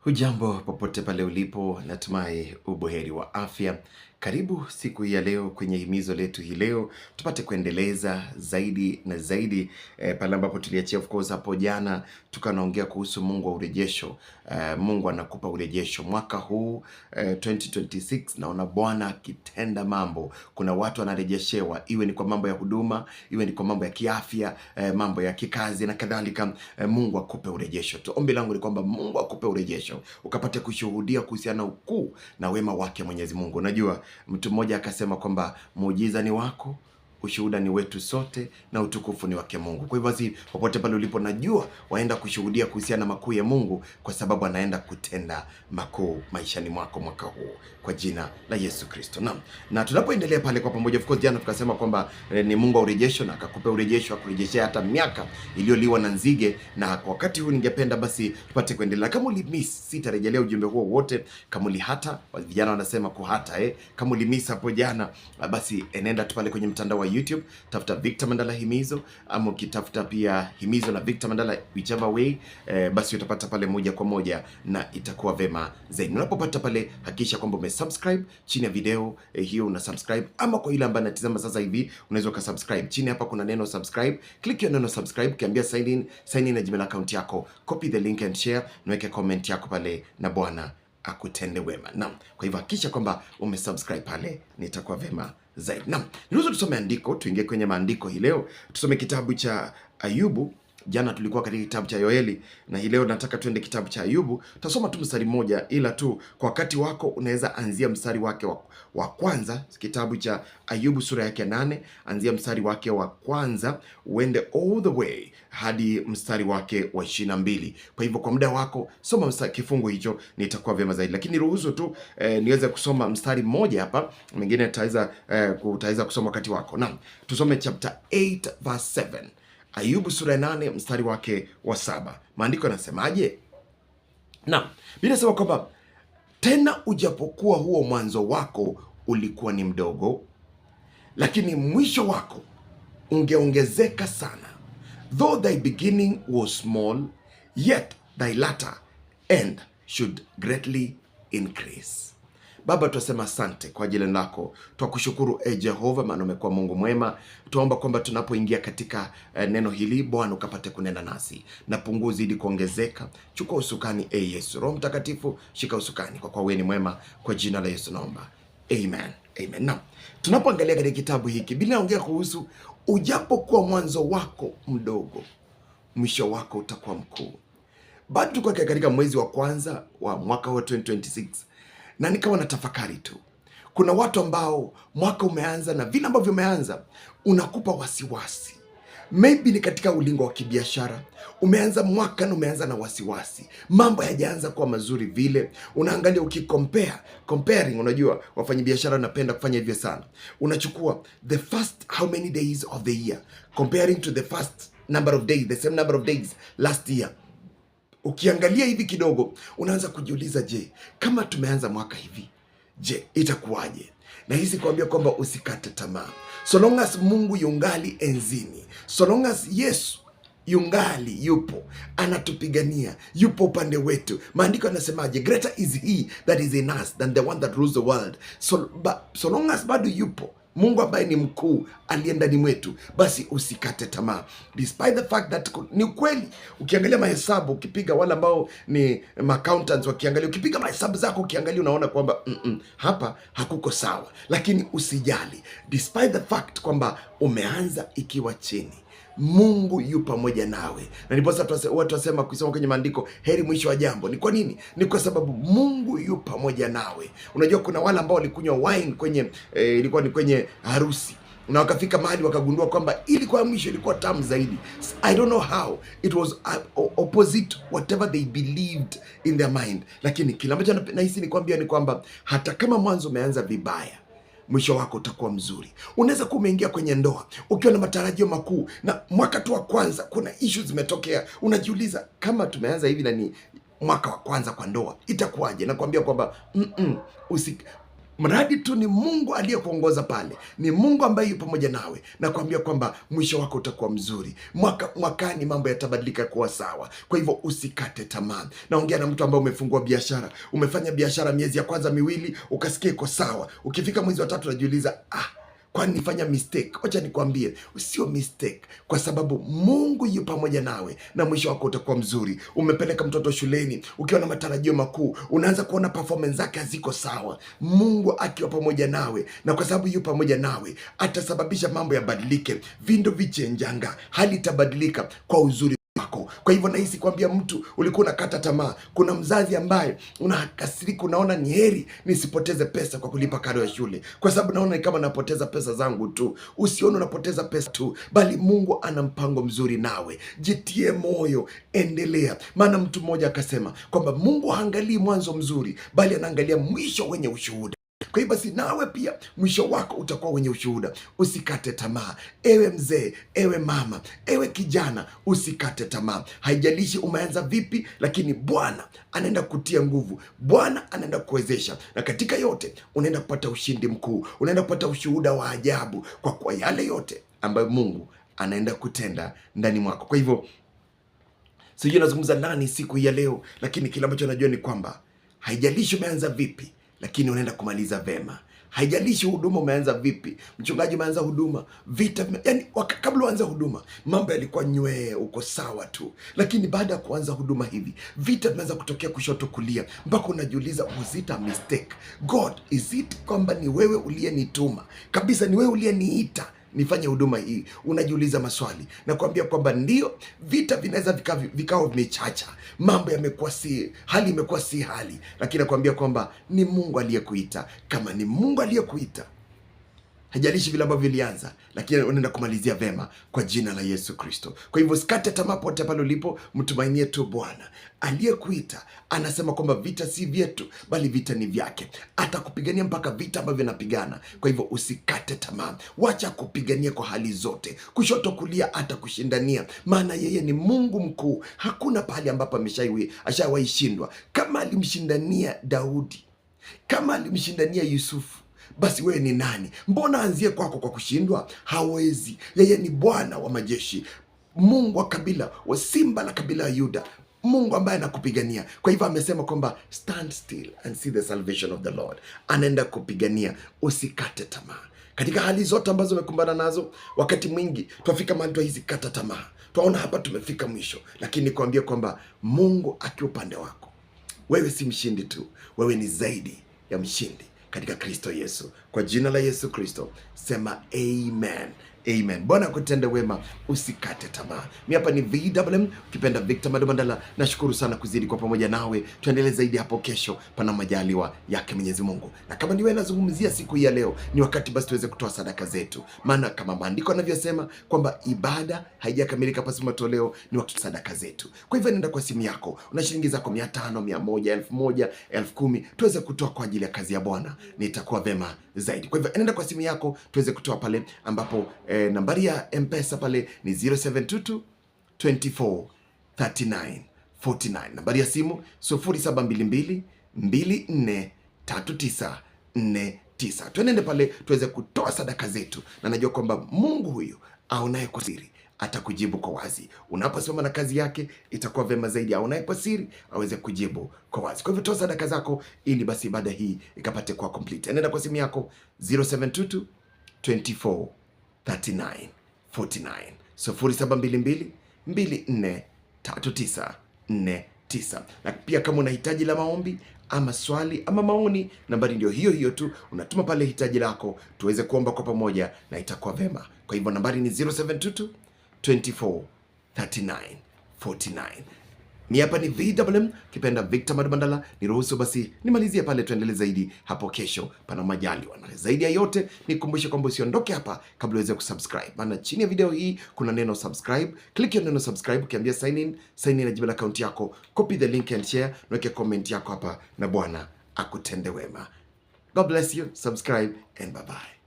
Hujambo popote pale ulipo, natumai uboheri wa afya. Karibu siku hii ya leo kwenye himizo letu hii leo, tupate kuendeleza zaidi na zaidi e, pale ambapo tuliachia of course hapo jana, tukanaongea kuhusu Mungu wa urejesho. E, Mungu anakupa urejesho mwaka huu e, eh, 2026 naona Bwana akitenda mambo. Kuna watu wanarejeshewa, iwe ni kwa mambo ya huduma, iwe ni kwa mambo ya kiafya, e, mambo ya kikazi na kadhalika. E, Mungu akupe urejesho tu. Ombi langu ni kwamba Mungu akupe urejesho, ukapate kushuhudia kuhusiana ukuu na wema wake Mwenyezi Mungu. Unajua Mtu mmoja akasema kwamba muujiza ni wako, ushuhuda ni wetu sote na utukufu ni wake Mungu. Kwa hivyo basi, popote pale ulipo, najua waenda kushuhudia kuhusiana na makuu ya Mungu, kwa sababu anaenda kutenda makuu maishani mwako mwaka huu kwa jina la Yesu Kristo. Naam, na tunapoendelea pale kwa pamoja, of course, jana tukasema kwamba eh, ni Mungu wa urejesho na akakupa urejesho akurejeshea hata miaka iliyoliwa na nzige, na kwa wakati huu ningependa basi tupate kuendelea. Kama ulimiss, sitarejelea ujumbe huo wote. Kama ulihata, vijana wanasema kuhata, eh, kama ulimiss hapo jana, basi enenda eh, tu pale kwenye mtandao wa YouTube, tafuta Victor Mandala Himizo, ama ukitafuta pia Himizo na Victor Mandala whichever way eh, basi utapata pale moja kwa moja na itakuwa vema zaidi. Unapopata pale, hakikisha kwamba umesubscribe chini ya video eh, hiyo una subscribe, ama kwa ile ambayo anatizama sasa hivi unaweza ukasubscribe chini hapa, kuna neno subscribe, click hiyo neno subscribe, kiambia sign in, sign in na Gmail account yako, copy the link and share, naweke comment yako pale na Bwana akutende wema. Naam, kwa hivyo hakikisha kwamba umesubscribe pale, nitakuwa vema zaidi. Naam, niruhusu tusome andiko, tuingie kwenye maandiko hii leo. Tusome kitabu cha Ayubu Jana tulikuwa katika kitabu cha Yoeli na hii leo nataka tuende kitabu cha Ayubu. Tasoma tu mstari mmoja, ila tu kwa wakati wako unaweza anzia mstari wake wa, wa kwanza. Kitabu cha Ayubu sura yake nane, anzia mstari wake wa kwanza uende all the way hadi mstari wake wa ishirini na mbili. Kwa hivyo kwa muda wako soma mstari, kifungu hicho nitakuwa vyema zaidi, lakini ruhusu tu eh, niweze kusoma mstari mmoja hapa, mwingine utaweza eh, kusoma wakati wako. Naam, tusome chapter 8 verse 7. Ayubu sura ya nane mstari wake wa saba maandiko yanasemaje? Na Biblia inasema kwamba tena ujapokuwa huo mwanzo wako ulikuwa ni mdogo, lakini mwisho wako ungeongezeka sana. Though thy beginning was small, yet thy latter end should greatly increase. Baba, twasema asante kwa ajili lako, twakushukuru e Jehova, maana umekuwa Mungu mwema. tuaomba kwamba tunapoingia katika e, neno hili Bwana ukapate kunena nasi na pungu zidi kuongezeka. Chukua usukani e Yesu. Roho Mtakatifu, shika usukani, kwa kuwa wewe ni mwema. Kwa jina la Yesu naomba, amen, amen. Naam, tunapoangalia katika kitabu hiki bila inaongea kuhusu ujapokuwa mwanzo wako mdogo, mwisho wako utakuwa mkuu. Bado tuko katika mwezi wa kwanza wa mwaka wa 2026 na nikawa na tafakari tu. Kuna watu ambao mwaka umeanza na vile ambavyo umeanza unakupa wasiwasi maybe ni katika ulingo wa kibiashara umeanza mwaka na umeanza na wasiwasi, mambo hayajaanza kuwa mazuri vile. Unaangalia ukikompea, comparing, unajua wafanyabiashara wanapenda kufanya hivyo sana. Unachukua the first how many days of the year comparing to the first number of days, the same number of days last year ukiangalia hivi kidogo unaanza kujiuliza, je, kama tumeanza mwaka hivi, je, itakuwaje? Na hizi kuambia kwamba usikate tamaa, so long as Mungu yungali enzini, so long as Yesu yungali yupo anatupigania, yupo upande wetu. Maandiko anasemaje Greater is he that is in us than the one that rules the world. So, ba, so long as bado yupo Mungu ambaye ni mkuu aliye ndani mwetu, basi usikate tamaa despite the fact that ni ukweli. Ukiangalia mahesabu, ukipiga wale ambao ni accountants, wakiangalia, ukipiga mahesabu zako, ukiangalia, unaona kwamba mm -mm, hapa hakuko sawa, lakini usijali despite the fact kwamba umeanza ikiwa chini Mungu yu pamoja nawe, na niposa watu wasema kusoma kwenye maandiko, heri mwisho wa jambo. Ni kwa nini? Ni kwa sababu Mungu yu pamoja nawe. Unajua, kuna wale ambao walikunywa wine kwenye eh, ilikuwa ni kwenye harusi na wakafika mahali wakagundua kwamba ili kwa mwisho ilikuwa tamu zaidi. I don't know how it was uh, opposite whatever they believed in their mind, lakini kile ambacho nahisi ni kuambia ni kwamba hata kama mwanzo umeanza vibaya mwisho wako utakuwa mzuri. Unaweza kuwa umeingia kwenye ndoa ukiwa na matarajio makuu, na mwaka tu wa kwanza kuna ishu zimetokea, unajiuliza kama tumeanza hivi na ni mwaka wa kwanza kwa ndoa itakuwaje? Nakwambia kwamba mm -mm, usi, mradi tu ni Mungu aliyekuongoza pale, ni Mungu ambaye yupo pamoja nawe, na kuambia kwamba mwisho wako utakuwa mzuri. Mwaka mwakani mambo yatabadilika kuwa sawa. Kwa hivyo usikate tamaa. Naongea na mtu ambaye umefungua biashara, umefanya biashara miezi ya kwanza miwili, ukasikia iko sawa, ukifika mwezi wa tatu unajiuliza ah, kwani nifanya mistake? Wacha nikwambie, sio mistake, kwa sababu Mungu yu pamoja nawe na mwisho wako utakuwa mzuri. Umepeleka mtoto shuleni ukiwa na matarajio makuu, unaanza kuona performance zake haziko sawa. Mungu akiwa pamoja nawe, na kwa sababu yu pamoja nawe, atasababisha mambo yabadilike, vindo vichenjanga, hali itabadilika kwa uzuri. Kwa hivyo nahisi kuambia mtu ulikuwa unakata tamaa, kuna mzazi ambaye unakasirika, unaona ni heri nisipoteze pesa kwa kulipa karo ya shule, kwa sababu naona ni kama napoteza pesa zangu tu. Usione unapoteza pesa tu, bali Mungu ana mpango mzuri nawe. Jitie moyo, endelea. Maana mtu mmoja akasema kwamba Mungu haangalii mwanzo mzuri, bali anaangalia mwisho wenye ushuhuda. Kwa hiyo basi nawe pia mwisho wako utakuwa wenye ushuhuda. Usikate tamaa, ewe mzee, ewe mama, ewe kijana, usikate tamaa. Haijalishi umeanza vipi, lakini Bwana anaenda kutia nguvu, Bwana anaenda kuwezesha, na katika yote unaenda kupata ushindi mkuu, unaenda kupata ushuhuda wa ajabu kwa kwa yale yote ambayo Mungu anaenda kutenda ndani mwako. Kwa hivyo sijui nazungumza nani siku ya leo, lakini kile ambacho najua ni kwamba haijalishi umeanza vipi lakini unaenda kumaliza vema. Haijalishi huduma umeanza vipi, mchungaji, umeanza huduma vita, yani kabla uanze huduma mambo yalikuwa nywee, uko sawa tu, lakini baada ya kuanza huduma hivi vita vimeanza kutokea kushoto kulia, mpaka unajiuliza was it a mistake? God, is it kwamba ni wewe uliyenituma kabisa, ni wewe uliyeniita nifanye huduma hii, unajiuliza maswali na kuambia kwamba ndio vita vinaweza vikawa vimechacha, mambo yamekuwa si hali, imekuwa si hali, lakini nakuambia kwamba ni Mungu aliyekuita. Kama ni Mungu aliyekuita haijalishi vile ambavyo ilianza, lakini unaenda kumalizia vema kwa jina la Yesu Kristo. Kwa hivyo usikate tamaa pote pale ulipo, mtumainie tu Bwana aliyekuita. Anasema kwamba vita si vyetu, bali vita ni vyake. Atakupigania mpaka vita ambavyo anapigana. Kwa hivyo usikate tamaa, wacha kupigania kwa hali zote, kushoto kulia, atakushindania, maana yeye ni Mungu mkuu. Hakuna pahali ambapo ashawahi shindwa. Kama alimshindania Daudi, kama alimshindania Yusufu basi wewe ni nani? Mbona anzie kwako kwa kushindwa? Hawezi. Yeye ni Bwana wa majeshi, Mungu wa kabila wa simba la kabila ya Yuda, Mungu ambaye anakupigania. Kwa hivyo amesema kwamba stand still and see the salvation of the Lord. Anaenda kupigania, usikate tamaa katika hali zote ambazo umekumbana nazo. Wakati mwingi twafika mahali twahizi kata tamaa, twaona hapa tumefika mwisho, lakini nikuambia kwamba Mungu akiwa upande wako, wewe si mshindi tu, wewe ni zaidi ya mshindi katika Kristo Yesu. Kwa jina la Yesu Kristo sema amen. Amen. Bwana akutende wema, usikate tamaa. Mi hapa ni VMM, ukipenda Victor Mandala. Nashukuru sana kuzidi kwa pamoja nawe, tuendelee zaidi hapo kesho, pana majaliwa yake Mwenyezi Mungu. Na kama wewe nazungumzia siku hii ya leo, ni wakati basi tuweze kutoa sadaka zetu, maana kama maandiko yanavyosema kwamba ibada haijakamilika pasi matoleo, ni wakati sadaka zetu. Kwa hivyo nenda kwa simu yako, una shilingi zako mia tano, mia moja, elfu moja, elfu kumi, tuweze kutoa kwa ajili ya kazi ya Bwana. Nitakuwa vema zaidi. Kwa hivyo enenda kwa simu yako tuweze kutoa pale ambapo eh, nambari ya M-Pesa pale ni 0722 24 39 49. Nambari ya simu 0722 24 39 Tuenende pale tuweze kutoa sadaka zetu, na najua kwamba Mungu huyu aonaye kwa siri atakujibu kwa wazi. Unaposema na kazi yake itakuwa vema zaidi, au unayepa siri aweze kujibu kwa wazi. Kwa hivyo toa sadaka zako ili basi ibada hii ikapate kuwa complete. Enenda kwa simu yako 0722 24 39 49 0722 24 39 49 na pia kama una hitaji la maombi ama swali ama maoni, nambari ndio hiyo hiyo tu. Unatuma pale hitaji lako tuweze kuomba kwa pamoja, na itakuwa vema. Kwa hivyo nambari ni 0722 24 39 49. Ni hapa ni VMM kipenda Victor Mandala. Niruhusu basi nimalizie pale, tuendele zaidi hapo kesho, pana majali wana. zaidi ya yote nikukumbushe kwamba usiondoke hapa kabla uweze kusubscribe, maana chini ya video hii kuna neno subscribe. Click hiyo neno subscribe, ukiambia sign in, sign in na jibu account yako, copy the link and share, naweke comment yako hapa, na Bwana akutende wema. God bless you, subscribe and bye bye.